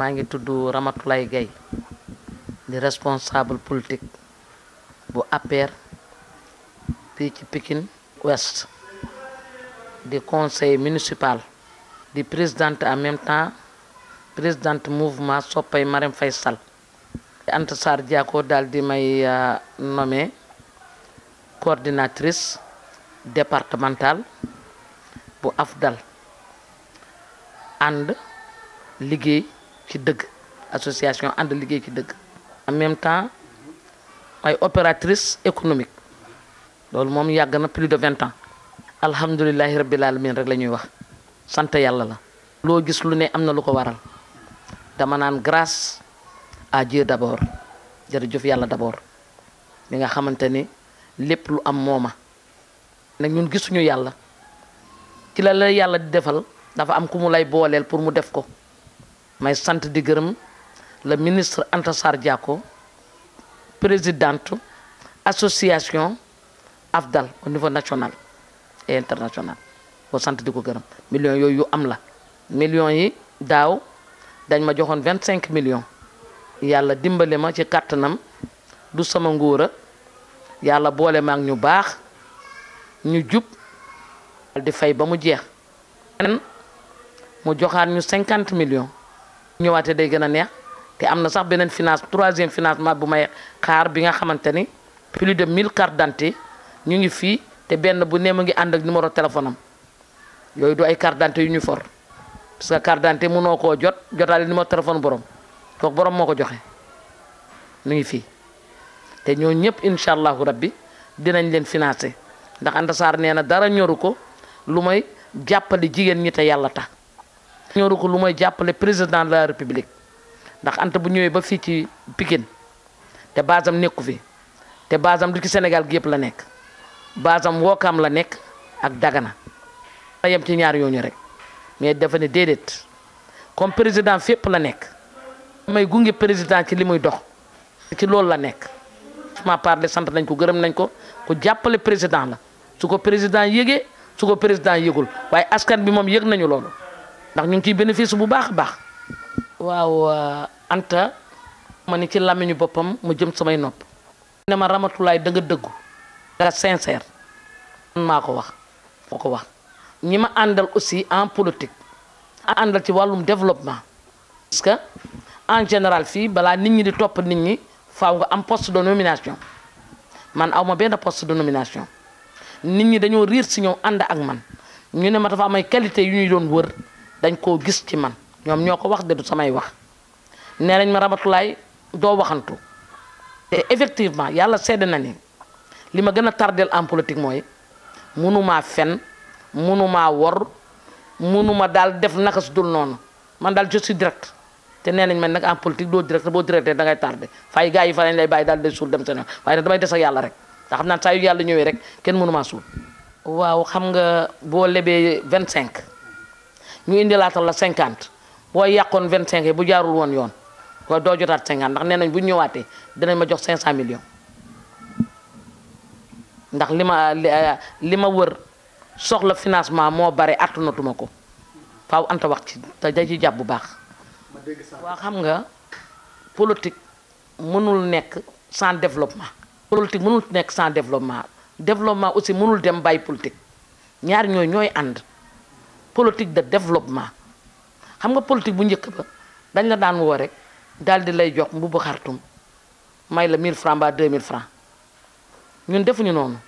maa ngi tudd Ramatoulaye Gaye di responsable politique bu APR fii ci Pikine Ouest di conseil municipal di présidente en même temps présidente mouvement soppay Marème Faye Sall Anta Sarr Diako daal di may euh, nommé coordinatrice départementale bu AFDAL ànd liggéey ci deug association and liguey ci deug en même temps ay opératrice économique lolou mom yàgg na plus de 20 ans alhamdulilahi rabbil alamin rek lañuy wax sante yalla la lo gis lu ne amna lu ko waral dama nan grâce à Dieu d'abord jërëjëf yalla d'abord mi nga xamanteni lepp lu am moma nak ñun gisunu yalla ci la la yalla defal dafa am ku lay pour mu def ko may sant di gërëm le ministre Anta Sarr Diako présidente association AFDAL au niveau national et international ko sant di ko gërëm millions yooyu am la millions yi daaw dañ ma joxoon vingt cinq million yàlla dimbale ma ci kàttanam du sama ngóora yàlla boole ma ak ñu baax ñu jub di fay ba mu jeex mu joxaat ñu cinquante millions ñëwaaté day gëna neex té amna sax benen finance troisième financement bu may xaar bi nga xamanteni plus de 1000 cartes d'identité ñu ngi fi té benn bu néma ngi and ak numéro téléphoneam yoy du ay cartes d'identité yu ñu for parce que carte d'identité mënoo koo jot jotale numéro téléphone borom kooku borom moko joxé ñu ngi fi té ñoo ñëpp inshallah rabbi dinañ leen financer ndax andassar néna dara ñoru ko lu may jàppale ñi te yalla tax ñoru ko lu mooy jàppale président la république ndax Anta bu ñëwee ba fii ci Pikine te basam nekku fi te basam du ci Sénégal gi la nekk woo kaam la nekk ak Dagana na ci ñaar yooñu rek mais dafa ne déedéet comme président fépp la nekk damay gunge président ci li muy dox ci loolu la nekk ma parle sant nañ ko gërëm nañ ko ku jàppale président la su ko président yëgee su ko président yëgul waaye askan bi moom yëg nañu loolu ndax ñu ngi bénéfice bu baax baax waaw euh, anta ma ni ci làmmiñu bopam mu jëm samay nopp ne ma ramatulaay da nga dëggu da sincère man mako wax foko wax ñima andal aussi en politique andal ci walum développement parce que en général fi bala nit ñi di top nit ñi faaw nga am poste de nomination man awma ben poste de nomination nit ñi dañoo riir ci ñoo and ak man ñu ne ma dafa am qualité yu ñuy doon wër dañ koo gis ci man ñoom ñoo ko wax de du samay wax nee nañ ma ramatulaay doo waxantu te effectivement yàlla sedd na ni li ma gën a tardeel en politique mooy mënumaa fen mënumaa wor mënuma daal def naka su dul noonu man daal jot suis direct te nee nañ man nag en politique doo direct boo directé da ngay tardé fay gars yi fa lañ lay bàyyi daal de suul dem seen waaye nag damay des ak yàlla rek ndax xam naa saa yàlla ñëwee rek kenn mënumaa suul waaw xam nga boo lebee vingt cinq ñu indilaatal la cinquante boo yàqoon vingt cinq yi bu jaarul woon yoon waaye doo jotaat cinquante ndax nee nañ bu ñu ñëwaatee dinañ ma jox cinq cent millions ndax li ma li euh, ma wër soxla financement moo bare attunatuma ko faaw anta wax ci te da ci jàpp bu baax waa xam nga politique mënul nekk sans développement politique mënul nekk sans développement développement aussi mënul dem bàyyi politique ñaar ñooy ñooy ànd politique de développement xam nga politique bu njëkk ba dañ la daan woo rek daal di lay jox mbubu xartum may la 1000 francs ba mille francs ñun defuñu noonu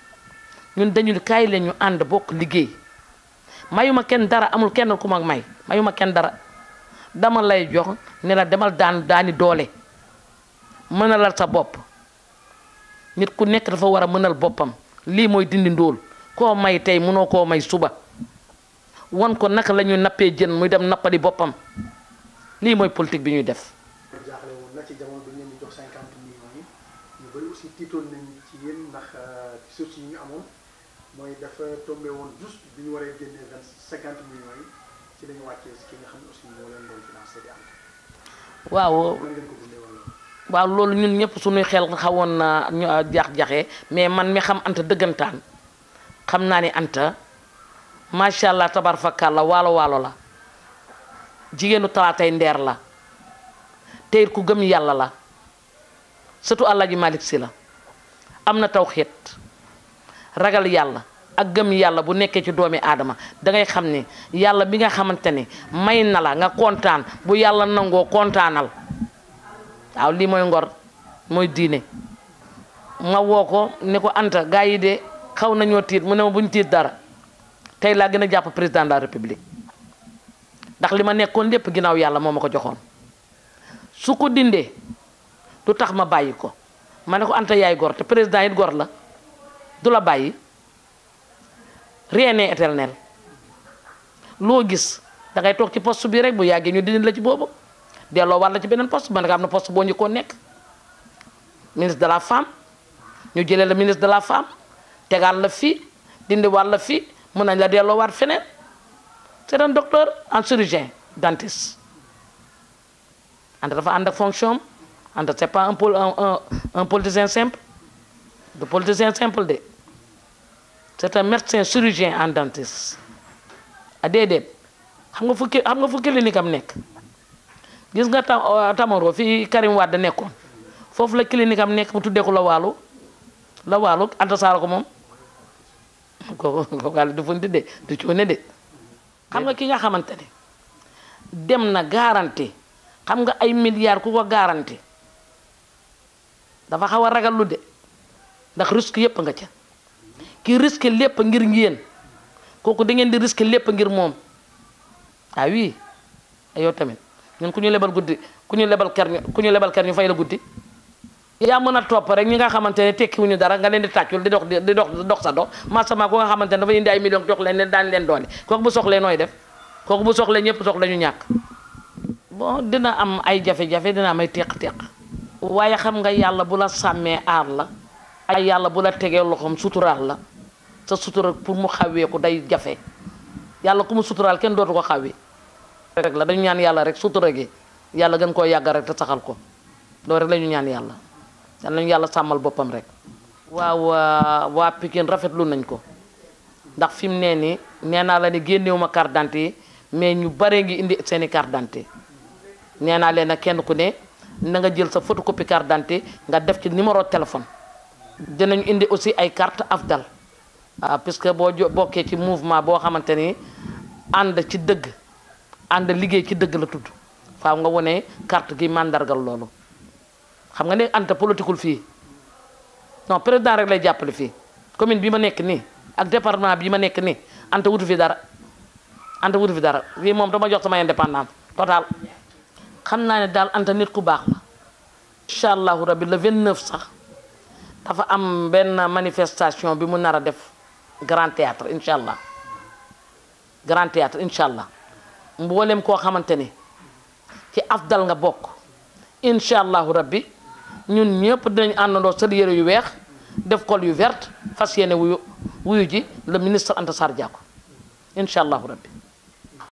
ñun dañu kaay leen ñu ànd bokk liggéey mayuma kenn dara amul kenn ku mag may mayuma kenn dara dama lay jox nela la demal daan daani doole mënalal sa bopp nit ku nekk dafa war a mënal boppam lii mooy dindi ndóol koo may tey mënoo koo may suba wan ko naka la ñuy nappee jën muy dem nappali boppam lii mooy politique bi ñuy def. ci yéen ndax euh, source yi ñu amoon mooy dafa tombé ñu waaw waaw loolu ñun ñëpp suñuy xel xawoon na ñu euh, jaax jaxe mais man mi xam Anta dëggantaan xam naa ni Anta macha allah tabar fakkaat la waalo waalo la jigéenu talaatay ndeer la tey ku gëm yàlla la surtout allah ji malik si la am na taw tawxiit ragal yàlla ak gëm yàlla bu nekkee ci doomi aadama dangay xam ni yàlla bi nga xamante ni may na la nga kontaan bu yàlla nangoo kontaanal waaw lii mooy ngor mooy diine ma woo ko ne ko anta gaa yi de xaw nañoo tiit mu ne ma buñ tiit dara tey laa gën a jàpp président de la république ndax li ma nekkoon lépp ginnaaw yàlla moo ma ko joxoon su ko dindee du tax ma bàyyi ko ma ne ko Anta yaay gor te président it gor la du la bàyyi rien n'est éternel loo gis da toog ci post bi rek bu yàggee ñu dindi la ci boobu delloo war la ci beneen post ma ne ko am na post boo njëkkoon nekk ministre de la femme ñu jëlee la ministre de la femme tegaat la fii dindi war la fii Mon nañ la delloowaat feneen c'est un docteur en chirurgien dentiste ànd dafa ànd ak fonction am c'est pas un pol un un politicien simple de politicien simple de c'est un médecin chirurgien en dentiste a ah, déedéet xam nga fukki xam nga fukki clinique am nek. gis nga euh, Tamaro fi Karim Wade nekkoon foofu la clinique am nek mu tuddee ko la walu. la walu Anta Saar ko moom. kooku yàlla du funti de du cuune de xam nga ki nga xamante ne dem na garanti xam nga ay milliards ku ko garanti dafa xaw ragal lu de ndax risque yépp nga ca ki risque lépp ngir ngeen kooku da di risque lépp ngir moom ah oui yow tamit ñun ku ñu lebal guddi ku ñu lebal ker ñu ku ñu lebal ñu fay la yaa mën a topp rek ñi nga xamante ne tekkiwuñu dara nga leen di tàccul di dox di dox dox sa dox marsament ko nga xamante ne dafa indi ay millions jox leen ne daañ leen doole kooku bu soxlee nooy def kooku bu soxlee ñëpp soxla ñu ñàkk bon dina am ay jafe-jafe dina amay ay teq-teq waaye xam nga yàlla bu la sàmmee aar la ay yàlla bu la tegee loxoom suturaal la sa sutura pour mu xawee ko day jafe yàlla ku mu suturaal kenn dootu ko xawee rek la dañu ñaan yàlla rek sutura gi yàlla gën koo yàgg rek saxal ko loolu rek la ñu ñaan yàlla yal nañu yàlla sàmmal boppam rek waaw waa Pikine rafetlu nañ ko ndax fi mu nee nii nee naa la ne génnewuma carte d'identité yi mais ñu bare ngi indi seen i carte d'identité nee naa leen nag kenn ku ne na nga jël sa photocopie carte d'identité nga def ci numéro téléphone dinañ indi aussi ay carte afdal ah, parce que boo bokkee ci mouvement boo xamante ni ànd ci dëgg ànd liggéey ci dëgg la tudd faaw nga wone carte gi màndargal loolu xam nga ne Anta politikul fii non président rek lay jàppale fii commune bi ma nekk nii ak département bi ma nekk nii Anta wutu fi dara Anta wutu fi dara fii moom dama jox sama indépendance total xam naa ne daal Anta nit ku baax la incha allahu la vingt 29 sax dafa am benn manifestation bi mu nar a def grand théâtre incha allah grand théâtre incha allah mboolem koo xamante ni ci afdal nga bokk incha allahu rabbi ñun ñëpp dinañ àndandoo sol yére yu weex def col yu verte fas yéene wuyu wuyu ji la ministre Anta Sarr Diack incha allahu rabbi